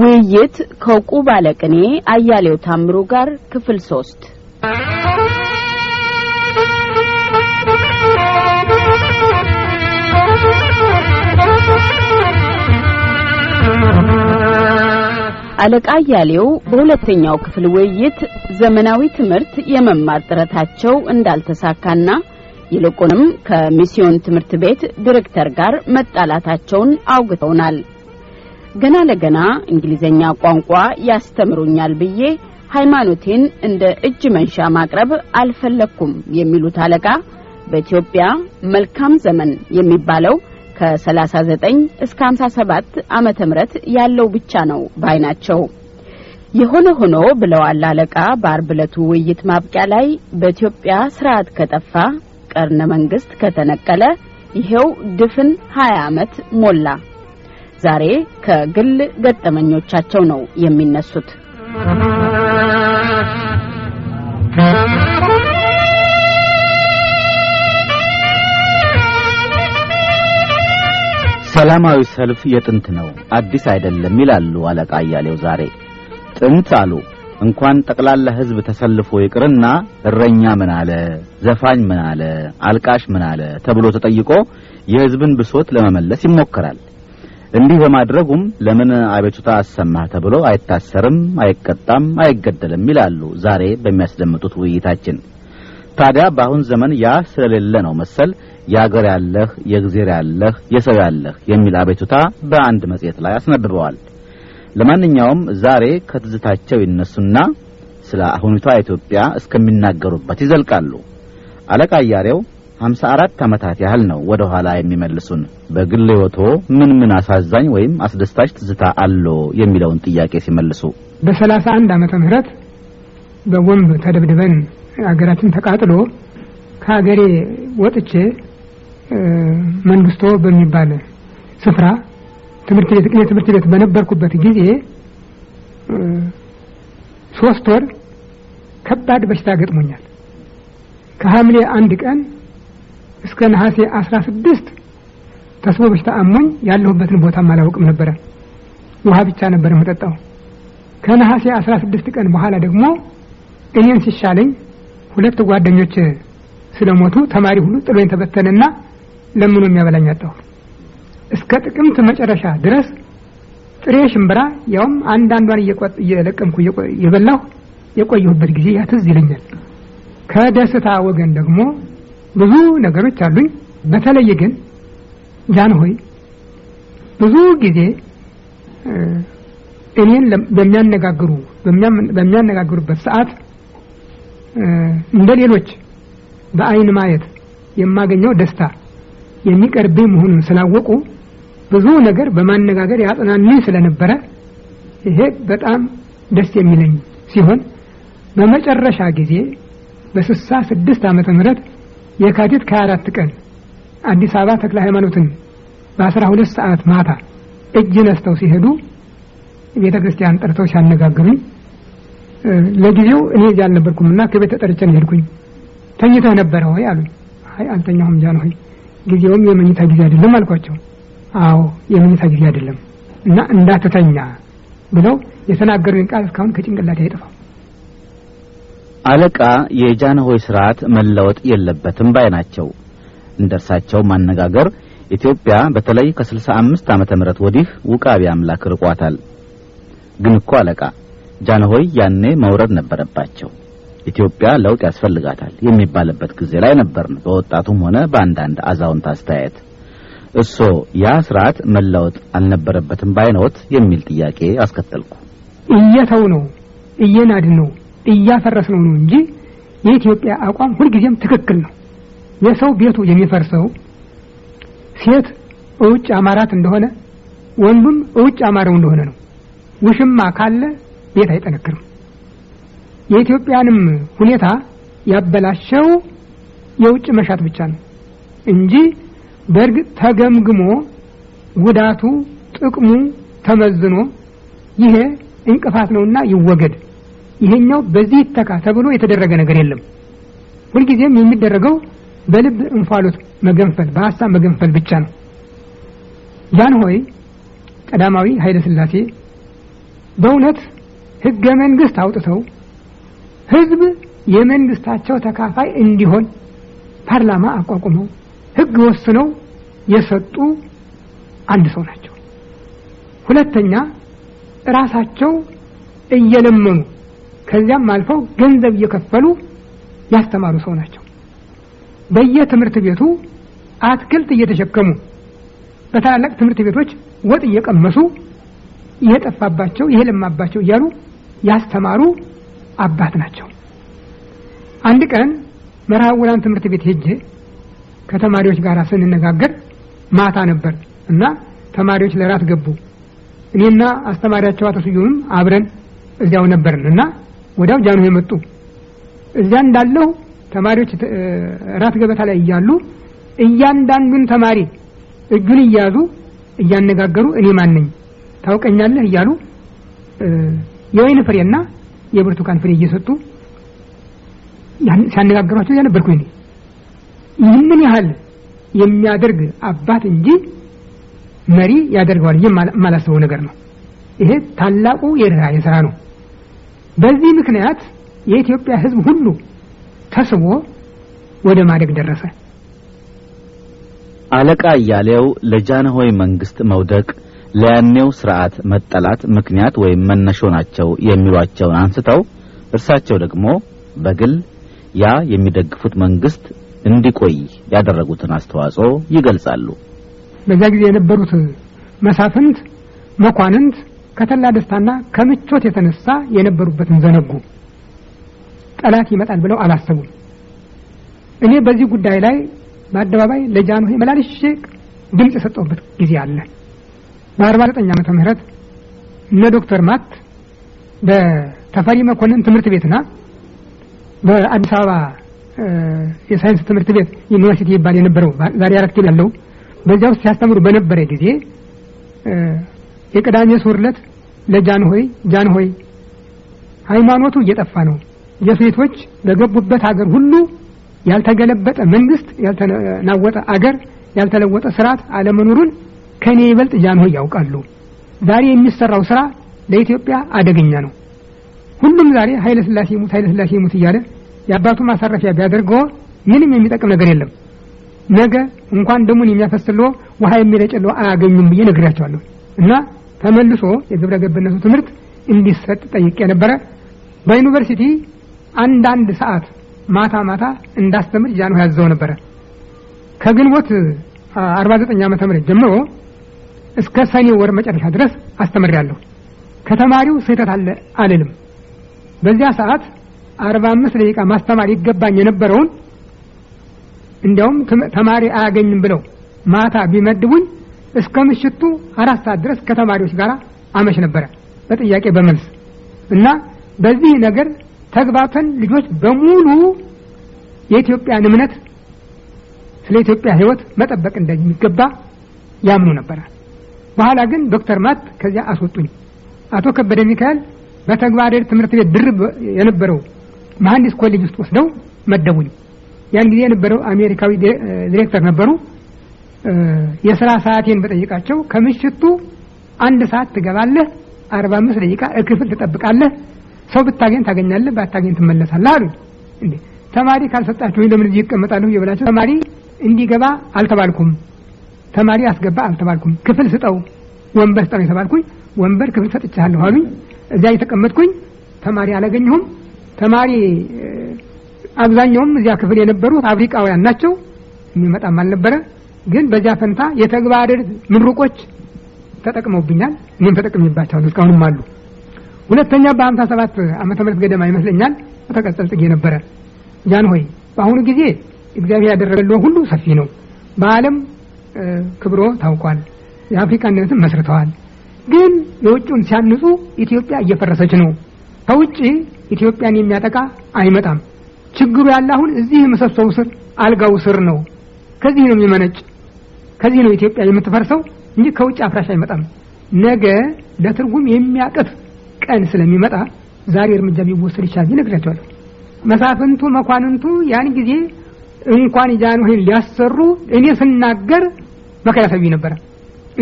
ውይይት ከቁ ባለቅኔ አያሌው ታምሩ ጋር ክፍል ሶስት አለቃ አያሌው በሁለተኛው ክፍል ውይይት ዘመናዊ ትምህርት የመማር ጥረታቸው እንዳልተሳካና ይልቁንም ከሚስዮን ትምህርት ቤት ዲሬክተር ጋር መጣላታቸውን አውግተውናል። ገና ለገና እንግሊዘኛ ቋንቋ ያስተምሩኛል ብዬ ሃይማኖቴን እንደ እጅ መንሻ ማቅረብ አልፈለግኩም የሚሉት አለቃ በኢትዮጵያ መልካም ዘመን የሚባለው ከ39 እስከ 57 ዓመተ ምህረት ያለው ብቻ ነው ባይ ናቸው። የሆነ ሆኖ ብለዋል አለቃ በአርብ ዕለቱ ውይይት ማብቂያ ላይ በኢትዮጵያ ስርዓት ከጠፋ ቀርነ መንግስት ከተነቀለ ይሄው ድፍን 20 ዓመት ሞላ። ዛሬ ከግል ገጠመኞቻቸው ነው የሚነሱት። ሰላማዊ ሰልፍ የጥንት ነው፣ አዲስ አይደለም ይላሉ አለቃ አያሌው ዛሬ። ጥንት አሉ እንኳን ጠቅላላ ሕዝብ ተሰልፎ ይቅርና እረኛ ምን አለ፣ ዘፋኝ ምን አለ፣ አልቃሽ ምን አለ ተብሎ ተጠይቆ የሕዝብን ብሶት ለመመለስ ይሞከራል። እንዲህ በማድረጉም ለምን አቤቱታ አሰማህ ተብሎ አይታሰርም፣ አይቀጣም፣ አይገደልም ይላሉ ዛሬ በሚያስደምጡት ውይይታችን። ታዲያ በአሁን ዘመን ያ ስለሌለ ነው መሰል የአገር ያለህ የእግዜር ያለህ የሰው ያለህ የሚል አቤቱታ በአንድ መጽሔት ላይ አስነብበዋል። ለማንኛውም ዛሬ ከትዝታቸው ይነሱና ስለ አሁኒቷ ኢትዮጵያ እስከሚናገሩበት ይዘልቃሉ። አለቃ አያሬው ሀምሳ አራት ዓመታት ያህል ነው ወደ ኋላ የሚመልሱን። በግል ሕይወቶ ምን ምን አሳዛኝ ወይም አስደሳች ትዝታ አለ የሚለውን ጥያቄ ሲመልሱ በሰላሳ አንድ ዓመተ ምህረት በቦምብ ተደብድበን አገራችን ተቃጥሎ ከሀገሬ ወጥቼ መንግስቶ በሚባል ስፍራ ትምህርት ቤት ቅኔ ትምህርት ቤት በነበርኩበት ጊዜ ሶስት ወር ከባድ በሽታ ገጥሞኛል። ከሐምሌ አንድ ቀን እስከ ነሐሴ አስራ ስድስት ተስቦ በሽታ አሞኝ ያለሁበትን ቦታ አላውቅም ነበረ። ውሃ ብቻ ነበር የምጠጣው። ከነሐሴ አስራ ስድስት ቀን በኋላ ደግሞ እኔን ሲሻለኝ ሁለት ጓደኞች ስለሞቱ ተማሪ ሁሉ ጥሎኝ ተበተነና ለምኑ የሚያበላኝ አጣሁ። እስከ ጥቅምት መጨረሻ ድረስ ጥሬ ሽምብራ ያውም አንዳንዷን እየለቀምኩ የበላሁ የቆየሁበት ጊዜ ያትዝ ይለኛል። ከደስታ ወገን ደግሞ ብዙ ነገሮች አሉኝ። በተለይ ግን ጃንሆይ ብዙ ጊዜ እኔን በሚያነጋግሩ በሚያነጋግሩበት ሰዓት እንደ ሌሎች በአይን ማየት የማገኘው ደስታ የሚቀርብኝ መሆኑን ስላወቁ ብዙ ነገር በማነጋገር ያጽናኑኝ ስለነበረ ይሄ በጣም ደስ የሚለኝ ሲሆን በመጨረሻ ጊዜ በስሳ ስድስት ዓመተ ምህረት የካቲት ከአራት ቀን አዲስ አበባ ተክለ ሃይማኖትን በአስራ ሁለት ሰዓት ማታ እጅ ነስተው ሲሄዱ ቤተ ክርስቲያን ጠርተው ሲያነጋግሩኝ ለጊዜው እኔ እዚህ አልነበርኩም ከቤት ከቤተ ነው ሄድኩኝ። ተኝተህ ነበረ ሆይ አሉኝ። አይ አልተኛሁም ጃን ሆይ ጊዜውም የመኝታ ጊዜ አይደለም አልኳቸው። አዎ የመኝታ ጊዜ አይደለም እና እንዳትተኛ ብለው የተናገሩኝ ቃል እስካሁን ከጭንቅላቴ አይጥፋው አለቃ የጃንሆይ ስርዓት መለወጥ የለበትም ባይ ናቸው። እንደ እርሳቸው ማነጋገር ኢትዮጵያ በተለይ ከ65 ዓመተ ምህረት ወዲህ ውቃቢ አምላክ ርቋታል። ግን እኮ አለቃ ጃንሆይ ያኔ መውረድ ነበረባቸው። ኢትዮጵያ ለውጥ ያስፈልጋታል የሚባልበት ጊዜ ላይ ነበርን፣ በወጣቱም ሆነ በአንዳንድ አዛውንት አስተያየት። እሶ ያ ስርዓት መለወጥ አልነበረበትም ባይኖት የሚል ጥያቄ አስከተልኩ። እየተው ነው እየናድ ነው እያፈረስ ነው ነው እንጂ የኢትዮጵያ አቋም ሁልጊዜም ትክክል ነው። የሰው ቤቱ የሚፈርሰው ሴት እውጭ አማራት እንደሆነ ወንዱም እውጭ አማራው እንደሆነ ነው። ውሽማ ካለ ቤት አይጠነክርም። የኢትዮጵያንም ሁኔታ ያበላሸው የውጭ መሻት ብቻ ነው እንጂ በእርግጥ ተገምግሞ ጉዳቱ ጥቅሙ ተመዝኖ ይሄ እንቅፋት ነውና ይወገድ ይሄኛው በዚህ ይተካ ተብሎ የተደረገ ነገር የለም። ሁልጊዜም የሚደረገው በልብ እንፋሎት መገንፈል፣ በሀሳብ መገንፈል ብቻ ነው። ያን ሆይ ቀዳማዊ ኃይለ ስላሴ በእውነት ህገ መንግስት አውጥተው ህዝብ የመንግስታቸው ተካፋይ እንዲሆን ፓርላማ አቋቁመው ህግ ወስነው የሰጡ አንድ ሰው ናቸው። ሁለተኛ ራሳቸው እየለመኑ ከዚያም አልፈው ገንዘብ እየከፈሉ ያስተማሩ ሰው ናቸው። በየትምህርት ቤቱ አትክልት እየተሸከሙ በታላላቅ ትምህርት ቤቶች ወጥ እየቀመሱ የጠፋባቸው ይሄ ለማባቸው እያሉ ያስተማሩ አባት ናቸው። አንድ ቀን መርሃውራን ትምህርት ቤት ሄጄ ከተማሪዎች ጋር ስንነጋገር ማታ ነበር እና ተማሪዎች ለራት ገቡ። እኔና አስተማሪያቸው አቶ ስዩምም አብረን እዚያው ነበርን እና ወዲያው ጃኑ የመጡ እዚያ እንዳለው ተማሪዎች ራት ገበታ ላይ እያሉ እያንዳንዱን ተማሪ እጁን እያያዙ እያነጋገሩ እኔ ነኝ ታውቀኛለህ እያሉ የወይን ፍሬና የብርቱካን ፍሬ እየሰጡ ሲያነጋግሯቸው እያለ በርኩኝ ይህንን ያህል የሚያደርግ አባት እንጂ መሪ ያደርገዋል የማላስበው ነገር ነው። ይሄ ታላቁ የርኅራኄ ስራ ነው። በዚህ ምክንያት የኢትዮጵያ ሕዝብ ሁሉ ተስቦ ወደ ማደግ ደረሰ። አለቃ እያሌው ለጃንሆይ መንግስት መውደቅ ለያኔው ስርዓት መጠላት ምክንያት ወይም መነሾ ናቸው የሚሏቸውን አንስተው እርሳቸው ደግሞ በግል ያ የሚደግፉት መንግስት እንዲቆይ ያደረጉትን አስተዋጽኦ ይገልጻሉ። በዛ ጊዜ የነበሩት መሳፍንት፣ መኳንንት ከተላ ደስታና ከምቾት የተነሳ የነበሩበትን ዘነጉ። ጠላት ይመጣል ብለው አላሰቡም። እኔ በዚህ ጉዳይ ላይ በአደባባይ ለጃንሆይ መላልሽ ድምፅ የሰጠውበት ጊዜ አለ። በአርባ ዘጠኝ ዓመተ ምህረት እነ ዶክተር ማት በተፈሪ መኮንን ትምህርት ቤትና በአዲስ አበባ የሳይንስ ትምህርት ቤት ዩኒቨርሲቲ ይባል የነበረው ዛሬ አራት ኪሎ ያለው በዚያ ውስጥ ሲያስተምሩ በነበረ ጊዜ የቅዳሜ ሶርለት ለጃንሆይ ጃንሆይ ሃይማኖቱ እየጠፋ ነው። የሴቶች በገቡበት አገር ሁሉ ያልተገለበጠ መንግስት፣ ያልተናወጠ አገር፣ ያልተለወጠ ስርዓት አለመኖሩን ከኔ ይበልጥ ጃንሆይ ያውቃሉ። ዛሬ የሚሰራው ስራ ለኢትዮጵያ አደገኛ ነው። ሁሉም ዛሬ ኃይለ ሥላሴ ሙት ኃይለ ሥላሴ ሙት እያለ የአባቱ ማሳረፊያ ቢያደርገው ምንም የሚጠቅም ነገር የለም። ነገ እንኳን ደሙን የሚያፈስልዎ ውሃ የሚረጨለው አያገኙም ብዬ ነግራቸዋለሁ። እና ተመልሶ የግብረ ገብነቱ ትምህርት እንዲሰጥ ጠይቄ ነበረ። በዩኒቨርሲቲ አንዳንድ ሰዓት ማታ ማታ እንዳስተምር ጃንሆ ያዘው ነበረ። ከግንቦት 49 ዓመተ ምህረት ጀምሮ እስከ ሰኔ ወር መጨረሻ ድረስ አስተምሬያለሁ። ከተማሪው ስህተት አለ አልልም። በዚያ ሰዓት 45 ደቂቃ ማስተማር ይገባኝ የነበረውን እንዲያውም ተማሪ አያገኝም ብለው ማታ ቢመድቡኝ እስከ ምሽቱ አራት ሰዓት ድረስ ከተማሪዎች ጋር አመሽ ነበረ በጥያቄ በመልስ እና በዚህ ነገር ተግባብተን ልጆች በሙሉ የኢትዮጵያን እምነት ስለ ኢትዮጵያ ህይወት መጠበቅ እንደሚገባ ያምኑ ነበረ። በኋላ ግን ዶክተር ማት ከዚያ አስወጡኝ። አቶ ከበደ ሚካኤል በተግባር ትምህርት ቤት ድርብ የነበረው መሐንዲስ ኮሌጅ ውስጥ ወስደው መደቡኝ። ያን ጊዜ የነበረው አሜሪካዊ ዲሬክተር ነበሩ። የስራ ሰዓቴን በጠይቃቸው ከምሽቱ አንድ ሰዓት ትገባለህ፣ አርባ አምስት ደቂቃ እክፍል ትጠብቃለህ፣ ሰው ብታገኝ ታገኛለህ፣ ባታገኝ ትመለሳለህ አሉ። እንዴ ተማሪ ካልሰጣችሁ ለምን እዚህ ይቀመጣሉ? የበላቸው ተማሪ እንዲገባ አልተባልኩም። ተማሪ አስገባ አልተባልኩም። ክፍል ስጠው፣ ወንበር ስጠው የተባልኩኝ ወንበር ክፍል ሰጥቻለሁ አሉኝ። እዚያ የተቀመጥኩኝ ተማሪ አላገኘሁም። ተማሪ አብዛኛውም እዚያ ክፍል የነበሩ ፋብሪካውያን ናቸው። የሚመጣም አልነበረ። ግን በዚያ ፈንታ የተግባር ምሩቆች ተጠቅመውብኛል። እኔም ተጠቅሜባቸዋለሁ። እስካሁንም አሉ። ሁለተኛ በአምሳ ሰባት አመተ ምህረት ገደማ ይመስለኛል በተቀጸል ጽጌ ነበረ። ጃን ሆይ በአሁኑ ጊዜ እግዚአብሔር ያደረገለው ሁሉ ሰፊ ነው። በአለም ክብሮ ታውቋል። የአፍሪካነትም መስርተዋል። ግን የውጭውን ሲያንጹ ኢትዮጵያ እየፈረሰች ነው። ከውጭ ኢትዮጵያን የሚያጠቃ አይመጣም። ችግሩ ያለ አሁን እዚህ ምሰሶው ስር አልጋው ስር ነው። ከዚህ ነው የሚመነጭ። ከዚህ ነው ኢትዮጵያ የምትፈርሰው እንጂ ከውጭ አፍራሽ አይመጣም። ነገ ለትርጉም የሚያቀፍ ቀን ስለሚመጣ ዛሬ እርምጃ ቢወሰድ ይቻል ይነግራቸዋል። መሳፍንቱ መኳንንቱ ያን ጊዜ እንኳን ጃንሆይን ሊያሰሩ እኔ ስናገር መከራ ሰብይ ነበረ።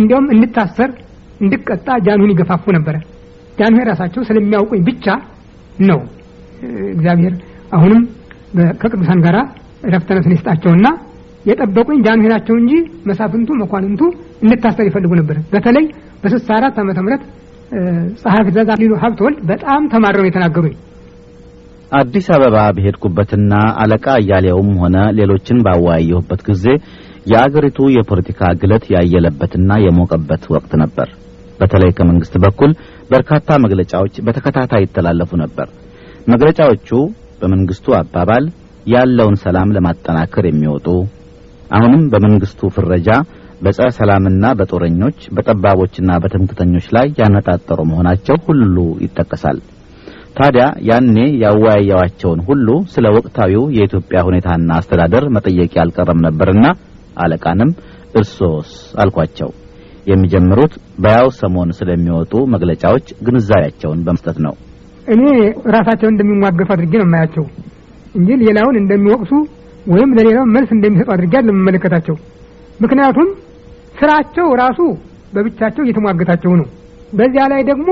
እንዲያውም እንድታሰር እንድቀጣ ጃንሆይን ይገፋፉ ነበረ። ጃንሆይ ራሳቸው ስለሚያውቁኝ ብቻ ነው እግዚአብሔር አሁንም ከቅዱሳን ጋራ ረፍተነስን ይስጣቸውና የጠበቁኝ ዳንኤል ናቸው እንጂ መሳፍንቱ መኳንንቱ እንድታሰር ይፈልጉ ነበር። በተለይ በስልሳ አራት ዓመተ ምህረት ጸሐፊ ትእዛዝ አክሊሉ ሀብተወልድ በጣም ተማረው የተናገሩኝ። አዲስ አበባ በሄድኩበትና አለቃ እያሌውም ሆነ ሌሎችን ባወያየሁበት ጊዜ የአገሪቱ የፖለቲካ ግለት ያየለበትና የሞቀበት ወቅት ነበር። በተለይ ከመንግስት በኩል በርካታ መግለጫዎች በተከታታይ ይተላለፉ ነበር። መግለጫዎቹ በመንግስቱ አባባል ያለውን ሰላም ለማጠናከር የሚወጡ አሁንም በመንግስቱ ፍረጃ በጸረ ሰላምና በጦረኞች በጠባቦችና በትምክተኞች ላይ ያነጣጠሩ መሆናቸው ሁሉ ይጠቀሳል። ታዲያ ያኔ ያወያያዋቸውን ሁሉ ስለ ወቅታዊው የኢትዮጵያ ሁኔታና አስተዳደር መጠየቅ ያልቀረም ነበርና አለቃንም እርሶስ አልኳቸው። የሚጀምሩት በያው ሰሞን ስለሚወጡ መግለጫዎች ግንዛቤያቸውን በመስጠት ነው። እኔ ራሳቸውን እንደሚሟገፍ አድርጌ ነው የማያቸው እንጂ ሌላውን እንደሚወቅሱ ወይም ለሌላው መልስ እንደሚሰጡ አድርጌ ለመመለከታቸው። ምክንያቱም ስራቸው ራሱ በብቻቸው እየተሟገታቸው ነው። በዚያ ላይ ደግሞ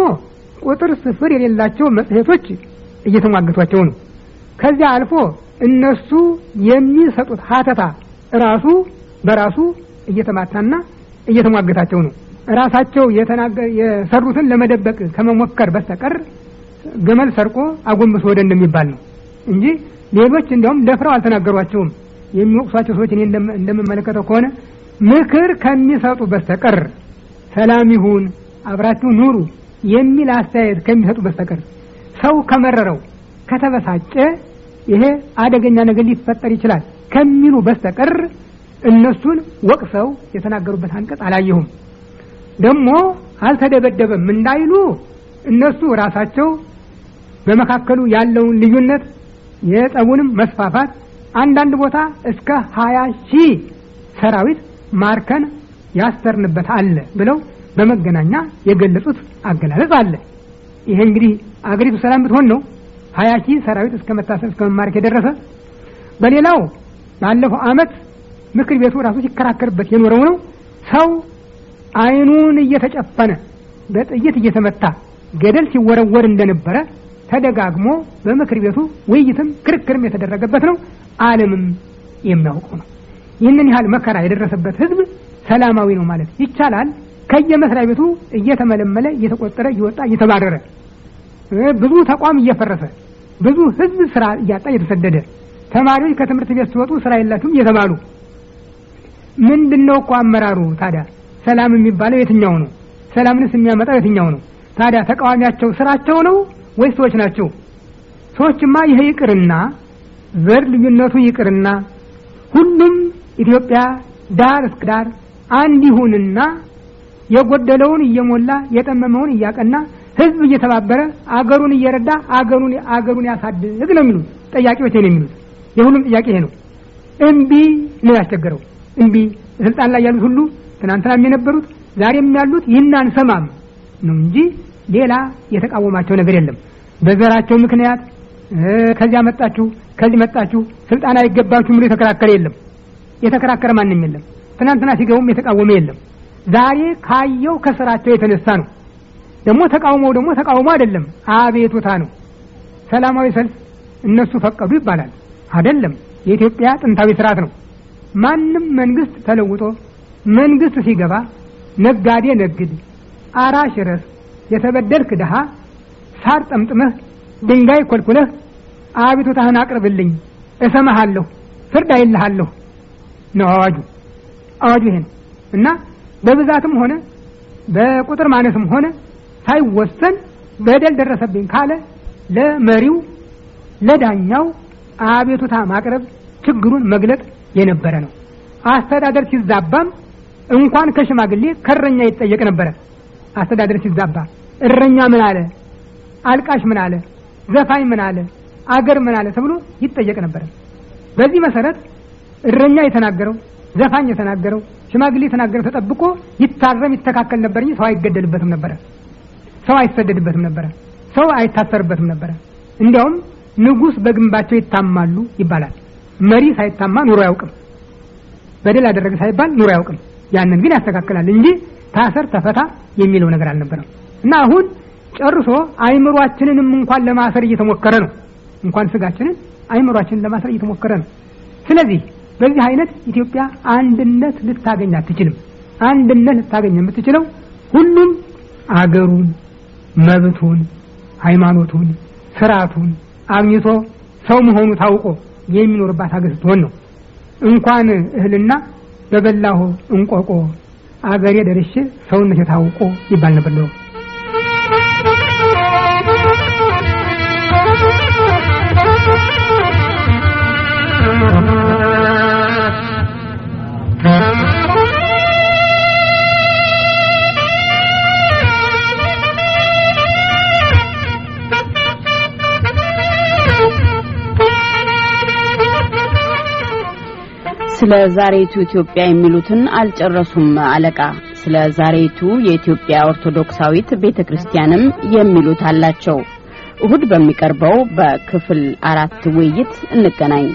ቁጥር ስፍር የሌላቸው መጽሔቶች እየተሟገቷቸው ነው። ከዚያ አልፎ እነሱ የሚሰጡት ሀተታ ራሱ በራሱ እየተማታና እየተሟገታቸው ነው። ራሳቸው የሰሩትን ለመደበቅ ከመሞከር በስተቀር ገመል ሰርቆ አጎንብሶ ወደ እንደሚባል ነው እንጂ ሌሎች እንዲያውም ደፍረው አልተናገሯቸውም። የሚወቅሷቸው ሰዎች እኔ እንደምመለከተው ከሆነ ምክር ከሚሰጡ በስተቀር ሰላም ይሁን አብራችሁ ኑሩ የሚል አስተያየት ከሚሰጡ በስተቀር ሰው ከመረረው ከተበሳጨ ይሄ አደገኛ ነገር ሊፈጠር ይችላል ከሚሉ በስተቀር እነሱን ወቅሰው የተናገሩበት አንቀጽ አላየሁም። ደግሞ አልተደበደበም እንዳይሉ እነሱ ራሳቸው በመካከሉ ያለውን ልዩነት የጠቡንም መስፋፋት አንዳንድ ቦታ እስከ ሀያ ሺህ ሰራዊት ማርከን ያስተርንበት አለ ብለው በመገናኛ የገለጹት አገላለጽ አለ። ይሄ እንግዲህ አገሪቱ ሰላም ብትሆን ነው ሀያ ሺህ ሰራዊት እስከ መታሰብ እስከ መማረክ የደረሰ። በሌላው ባለፈው አመት ምክር ቤቱ ራሱ ሲከራከርበት የኖረው ነው። ሰው አይኑን እየተጨፈነ በጥይት እየተመታ ገደል ሲወረወር እንደነበረ ተደጋግሞ በምክር ቤቱ ውይይትም ክርክርም የተደረገበት ነው። ዓለምም የሚያውቀው ነው። ይህንን ያህል መከራ የደረሰበት ህዝብ ሰላማዊ ነው ማለት ይቻላል። ከየመስሪያ ቤቱ እየተመለመለ እየተቆጠረ እየወጣ እየተባረረ ብዙ ተቋም እየፈረሰ ብዙ ህዝብ ስራ እያጣ እየተሰደደ ተማሪዎች ከትምህርት ቤት ሲወጡ ስራ የላችሁም እየተባሉ ምንድን ነው እኮ አመራሩ ታዲያ ሰላም የሚባለው የትኛው ነው? ሰላምንስ የሚያመጣው የትኛው ነው? ታዲያ ተቃዋሚያቸው ስራቸው ነው ወይስ ሰዎች ናቸው። ሰዎችማ ይሄ ይቅርና ዘር ልዩነቱ ይቅርና ሁሉም ኢትዮጵያ ዳር እስከ ዳር አንድ ይሁንና የጎደለውን እየሞላ የጠመመውን እያቀና ህዝብ እየተባበረ አገሩን እየረዳ አገሩን አገሩን ያሳድግ ነው የሚሉት ጠያቂዎች ነው የሚሉት። የሁሉም ጥያቄ ይሄ ነው። እምቢ ነው ያስቸገረው። እምቢ ስልጣን ላይ ያሉት ሁሉ ትናንትናም የነበሩት ዛሬም ያሉት ይህን አንሰማም ነው እንጂ ሌላ የተቃወማቸው ነገር የለም። በዘራቸው ምክንያት ከዚያ መጣችሁ ከዚህ መጣችሁ ስልጣን አይገባችሁም ብሎ የተከራከረ የለም። የተከራከረ ማንም የለም። ትናንትና ሲገቡም የተቃወመ የለም። ዛሬ ካየው ከስራቸው የተነሳ ነው። ደግሞ ተቃውሞው ደግሞ ተቃውሞ አይደለም፣ አቤቱታ ነው። ሰላማዊ ሰልፍ እነሱ ፈቀዱ ይባላል አይደለም። የኢትዮጵያ ጥንታዊ ስርዓት ነው። ማንም መንግስት ተለውጦ መንግስት ሲገባ ነጋዴ ነግድ፣ አራሽ ረስ የተበደልክ ድሃ ሳር ጠምጥመህ ድንጋይ ኮልኩለህ አቤቱታህን አቅርብልኝ እሰማሃለሁ፣ ፍርድ አይልሃለሁ ነው አዋጁ። አዋጁ ይሄን እና በብዛትም ሆነ በቁጥር ማነስም ሆነ ሳይወሰን በደል ደረሰብኝ ካለ ለመሪው ለዳኛው አቤቱታ ማቅረብ ችግሩን መግለጥ የነበረ ነው። አስተዳደር ሲዛባም እንኳን ከሽማግሌ ከረኛ ይጠየቅ ነበረ። አስተዳደር ሲዛባ እረኛ ምን አለ፣ አልቃሽ ምን አለ፣ ዘፋኝ ምን አለ፣ አገር ምን አለ ተብሎ ይጠየቅ ነበር። በዚህ መሰረት እረኛ የተናገረው፣ ዘፋኝ የተናገረው፣ ሽማግሌ የተናገረው ተጠብቆ ይታረም ይተካከል ነበር እንጂ ሰው አይገደልበትም ነበረ። ሰው አይሰደድበትም ነበረ። ሰው አይታሰርበትም ነበረ። እንዲያውም ንጉስ በግንባቸው ይታማሉ ይባላል። መሪ ሳይታማ ኑሮ አያውቅም። በደል አደረገ ሳይባል ኑሮ አያውቅም። ያንን ግን ያስተካክላል እንጂ ታሰር ተፈታ የሚለው ነገር አልነበረም እና አሁን ጨርሶ አይምሯችንንም እንኳን ለማሰር እየተሞከረ ነው እንኳን ስጋችንን አይምሯችንን ለማሰር እየተሞከረ ነው ስለዚህ በዚህ አይነት ኢትዮጵያ አንድነት ልታገኝ አትችልም አንድነት ልታገኝ የምትችለው ሁሉም አገሩን መብቱን ሃይማኖቱን ስርዓቱን አግኝቶ ሰው መሆኑ ታውቆ የሚኖርባት ሀገር ስትሆን ነው እንኳን እህልና በበላሁ እንቆቆ አገሬ ደርሼ ሰውነት የታውቆ ይባል ነበር ነው ስለ ዛሬቱ ኢትዮጵያ የሚሉትን አልጨረሱም አለቃ። ስለ ዛሬቱ የኢትዮጵያ ኦርቶዶክሳዊት ቤተ ክርስቲያንም የሚሉት አላቸው። እሁድ በሚቀርበው በክፍል አራት ውይይት እንገናኝ።